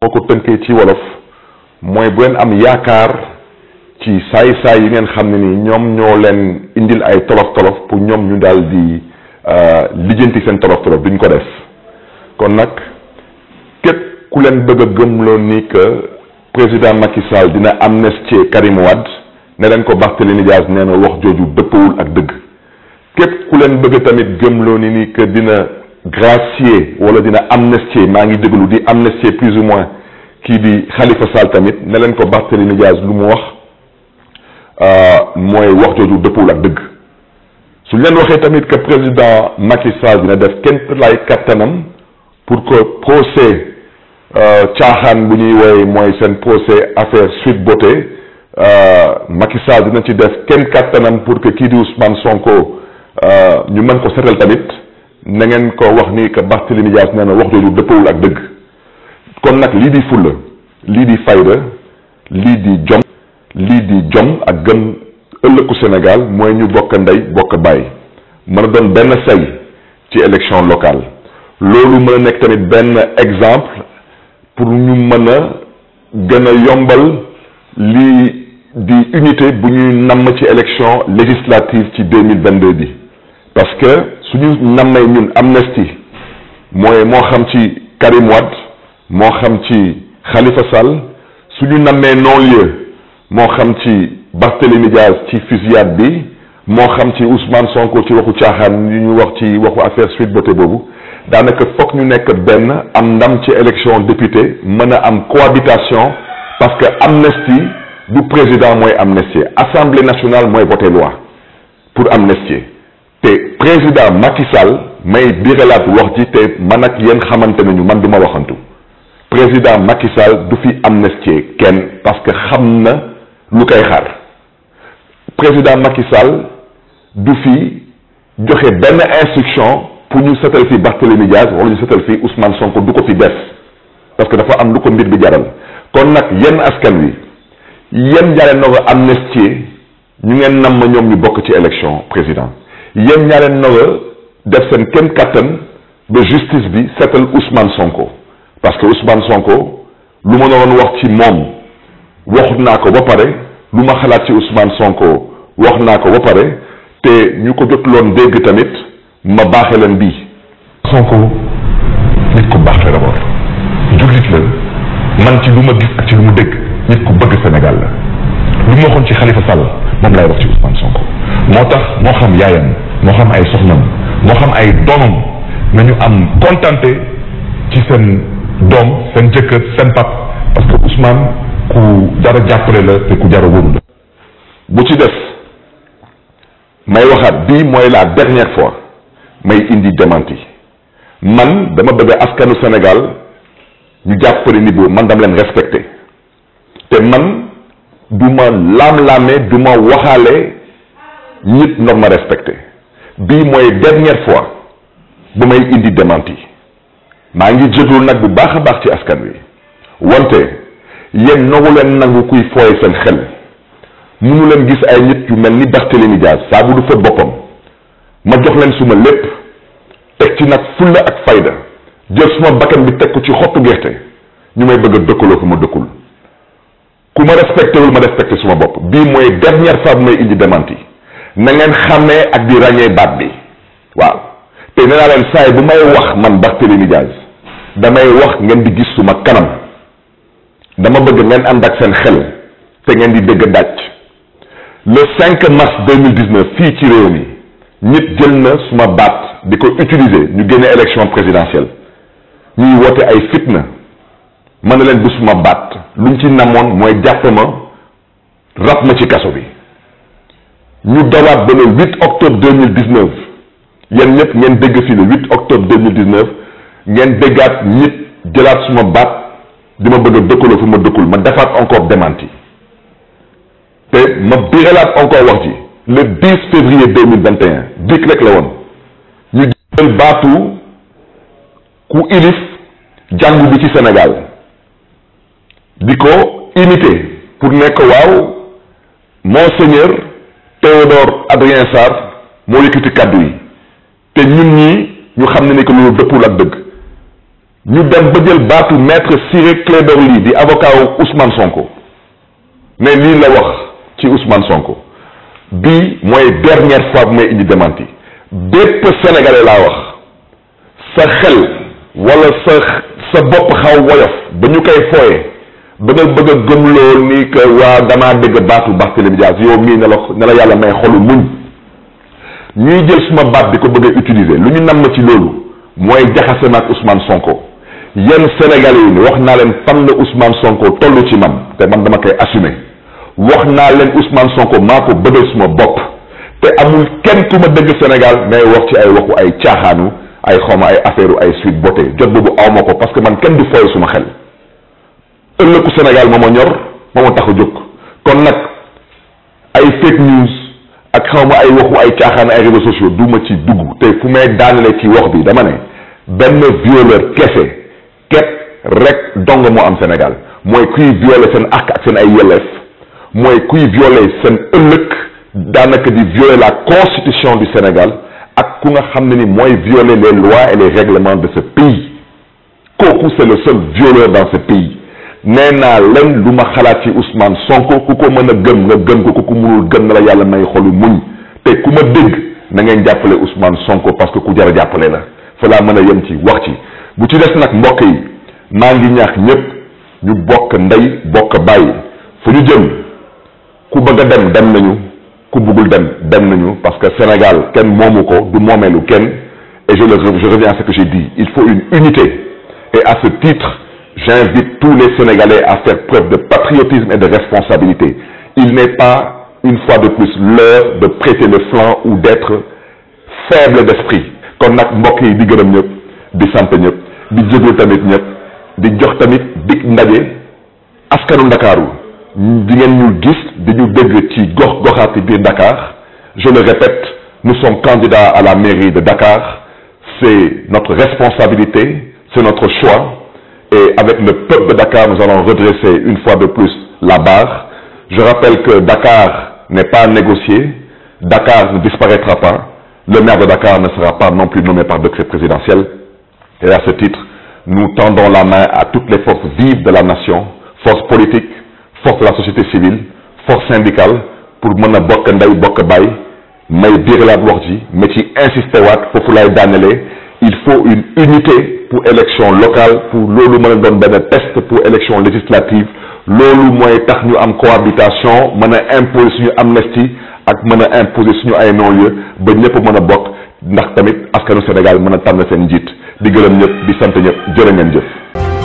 boo ko tënkee ci wolof mooy bu leen am yaakaar ci saay-saay yi ngeen xam ne ni ñoom ñoo leen indil ay tolof tolof pour ñoom ñu daal di euh, lijjanti seen tolof tolof duñ ko def kon nag képp ku leen bëgg a gëmloo ni que président Macky Sall dina amnistie Karim Wade ne leen ko Barthélémy Dias nee na wax jooju dëppawul ak dëgg képp ku leen bëgg tamit gëmloo ni ni que dina gracier wala dina amnistier maa ngi déglu di amnistier plus ou moins kii di Khalifa Sall tamit ne leen ko Barthélémy Dias lu mu wax euh, mooy wax jooju dëppul ak dëgg su leen waxee tamit que président Macky Sall dina def kenn lay kattanam pour que procès euh, caaxaan bu ñuy woowee mooy seen procès affaire Sweet Beauté euh, Macky Sall na ci def kenn kattanam pour que kii di Ousmane Sonko ñu mën ko setal tamit. na ngeen ko wax ni que Barthélémy Dias nee na wax jooju dëppawul ak dëgg kon nag lii di fulla lii di fayda lii di jom lii di jom ak gëm ëllëku Sénégal mooy ñu bokk ndey bokk bàyyi mën a doon benn say ci élection locale loolu mën a nekk tamit benn exemple pour ñu mën a gën a yombal lii di unité bu ñuy namm ci élection législative ci deux mille vingt-deux bi parce que nu nammee ñun amnistie mooy moo xam ci Karim moo xam ci Khalifa su suñu nammee non-lieu moo xam ci Barthélémy Diaz ci fusillade bi moo xam ci Ousmane Sonko ci waxu caaxaan yu ñu wax ci waxu affaire Sweet Beauté boobu daanaka foog ñu nekk benn am ndam ci élection député mën a am cohabitation parce que amnistie du président mooy amnistie assemblée nationale mooy voté loi pour amnistie te président Macky Sall may biralaat wax ji te man ak yéen xamante nañu man du ma waxantu président Macky Sall du fi amnistie kenn parce que xam na lu koy xaar président Macky Sall du fi joxe benn instruction pour ñu setal fi Barthélémy Diaz wala ñu setal fi Ousmane Sonko du ko fi def parce que dafa am lu ko mbir bi jaral kon nag yenn askan wi yenn jaare na ko amnistie ñu ngeen nam ma ñoom ñu bokk ci élection président yéen ñaa leen nawa def seen kenn kàttan ba justice bi seetal Ousmane Sonko parce que Ousmane Sonko lu ma naroon wax ci moom wax naa ko ba pare lu ma xalaat ci Ousmane Sonko wax naa ko ba pare te ñu ko jotuloon dégg tamit ma baaxe leen bi Sonko nit ko baax la d'abord jullit la man ci lu ma gis ak ci lu mu dégg nit ku bëgg Sénégal la lu ma waxoon ci Khalifa Sall moom laay wax ci Ousmane Sonko. moo tax moo xam yaayam moo xam ay soxnam moo xam ay doomam nañu am contenté ci seen doom seen jëkkër seen pap parce que Ousmane ku jara jàppale la te ku jara wóolu bu ci def may waxaat bi mooy la dernière fois may indi démenti man dama bëgg askanu Sénégal ñu jàppale ni man dama leen respecté te man du ma laam-laame du waxaale ñëpp ndox ma respecté bii mooy dernière fois bu may indi démenti maa ngi jéglu nag bu baax a baax ci askan wi wante yéen noogu leen nangu kuy fooye seen xel mu leen gis ay nit yu mel ni Barthélémy Dias jaar bu du fa boppam ma jox leen suma lépp teg ci nag fulla ak fayda jël suma bakkan bi teg ko ci xottu gerte ñu may bëgg dëkkaloo ko ma dëkkul ku ma respecté wul ma respecté suma bopp bii mooy dernière fois bu may indi démenti na ngeen xàmmee ak di ràññee baat bi waaw te nee naa leen saay bu may wax man Barthélémy Dias damay wax ngeen di gis suma kanam dama bëgg ngeen am ak seen xel te ngeen di dégg dàcc le 5 mars 2019 fii ci réew mi nit jël na suma baat di ko utiliser ñu génne élection présidentielle ñuy woote ay fitna mën na leen bu suma baat luñ ci namoon mooy jàpp ma rab ma ci kaso bi ñu dawaat ba le 8 octobre 2019 yéen ñëpp ngeen dégg fii le de octobre 2019 ngeen déggaat nit jëlaat ma baat di ma bëgg a dëkkaloo fu ma dëkkul ma defaat encore démenti te ma biralaat encore wax ji le 10 février 2021 dik la woon ñu jël baatu ku ilif jàngu bi ci senegal di ko imité pour nekk waaw monseigneur Théodore Adrien Sarr moo yëkkati kàddu yi te ñun ñi ñu xam ne ni que loolu dëppul ak dëgg ñu dem ba jël baatu maître Ciré Clédor lii di avocat wu Ousmane Sonko ne lii la wax ci Ousmane Sonko bii mooy dernière fois bu may indi démenti bépp sénégalais laa wax sa xel wala sa sa bopp xaw woyof ba ñu koy fooye ba nga bëgg a gëmloo ni que waa damaa dégg baatu Barthélémy Dias yow mii ne la ne la yàlla may xolu muñ ñuy jël suma baat di ko bëgg a utiliser lu ñu nam ma ci loolu mooy jaxase ma ak Ousmane Sonko yenn Sénégalais yi wax naa leen fan la Ousmane Sonko toll ci man te man dama koy assumer wax naa leen Ousmane Sonko maa ko bëggal suma bopp te amul kenn ku ma dëgg Sénégal may wax ci ay waxu ay caaxaanu ay xawma ay affaire ay suite bote jot boobu aw ko parce que man kenn du fooy suma xel. ëllëgu Sénégal moo ma ñor moo ma tax a jóg kon nag ay fake news ak xaw ay waxu ay caaxaan ay réseaux sociaux du ci dugg te fu may daanale ci wax bi dama ne benn violeur kese ket rek dong moo am Sénégal mooy kuy violer seen ak ak seen ay yelleef mooy kuy violer seen ëllëg daanaka di violer la constitution du Sénégal ak ku nga xam ne ni mooy violer les lois et les règlements de ce pays kooku c'est le seul violeur dans ce pays nee naa leen lu ma xalaat ci Ousmane Sonko ku ko mën a gëm nga gën ko ku ko mënul gëm na la yàlla may xolu muñ te ku ma dégg na ngeen jàppale Ousmane Sonko parce que ku jar jàppale la fa laa mën a yem ci wax ci bu ci des nag mbokk yi maa ngi ñaax ñëpp ñu bokk ndey bokk bàyyi fu ñu jëm ku bëgg a dem dem nañu ku bëggul dem dem nañu parce que Sénégal kenn moomu ko du lu kenn et je le je reviens à ce que j'ai dit il faut une unité et à ce titre J'invite tous les Sénégalais à faire preuve de patriotisme et de responsabilité. Il n'est pas, une fois de plus, l'heure de prêter le flanc ou d'être faible d'esprit. kon nag mbokk yi di gërëm ñëpp di sant ñëpp di jéglu tamit di jox tamit dig ndaje Ndakaaru di ngeen ñu gis di ci gox biir Dakar je le répète nous sommes candidats à la mairie de Dakar c'est notre responsabilité c'est notre choix Et avec le peuple de Dakar, nous allons redresser une fois de plus la barre. Je rappelle que Dakar n'est pas négocié. Dakar ne disparaîtra pas. Le maire de Dakar ne sera pas non plus nommé par décret présidentiel. Et à ce titre, nous tendons la main à toutes les forces vives de la nation, forces politiques, forces de la société civile, forces syndicales, pour mën a bokk ndey bokk bay may biiralaat wax ji mais ci insister waat foofu lay daanelee il faut une unité pour élection locale pour loolu mën a doon benn test pour élection législative loolu mooy tax ñu am cohabitation mën a imposer suñu amnistie ak mën a imposer suñu ay non-lieu ba ñëpp mën a bokk ndax tamit askanu Sénégal mën a tànn seen njiit di gërëm ñëpp di sant ñëpp jërë ngeen jëf.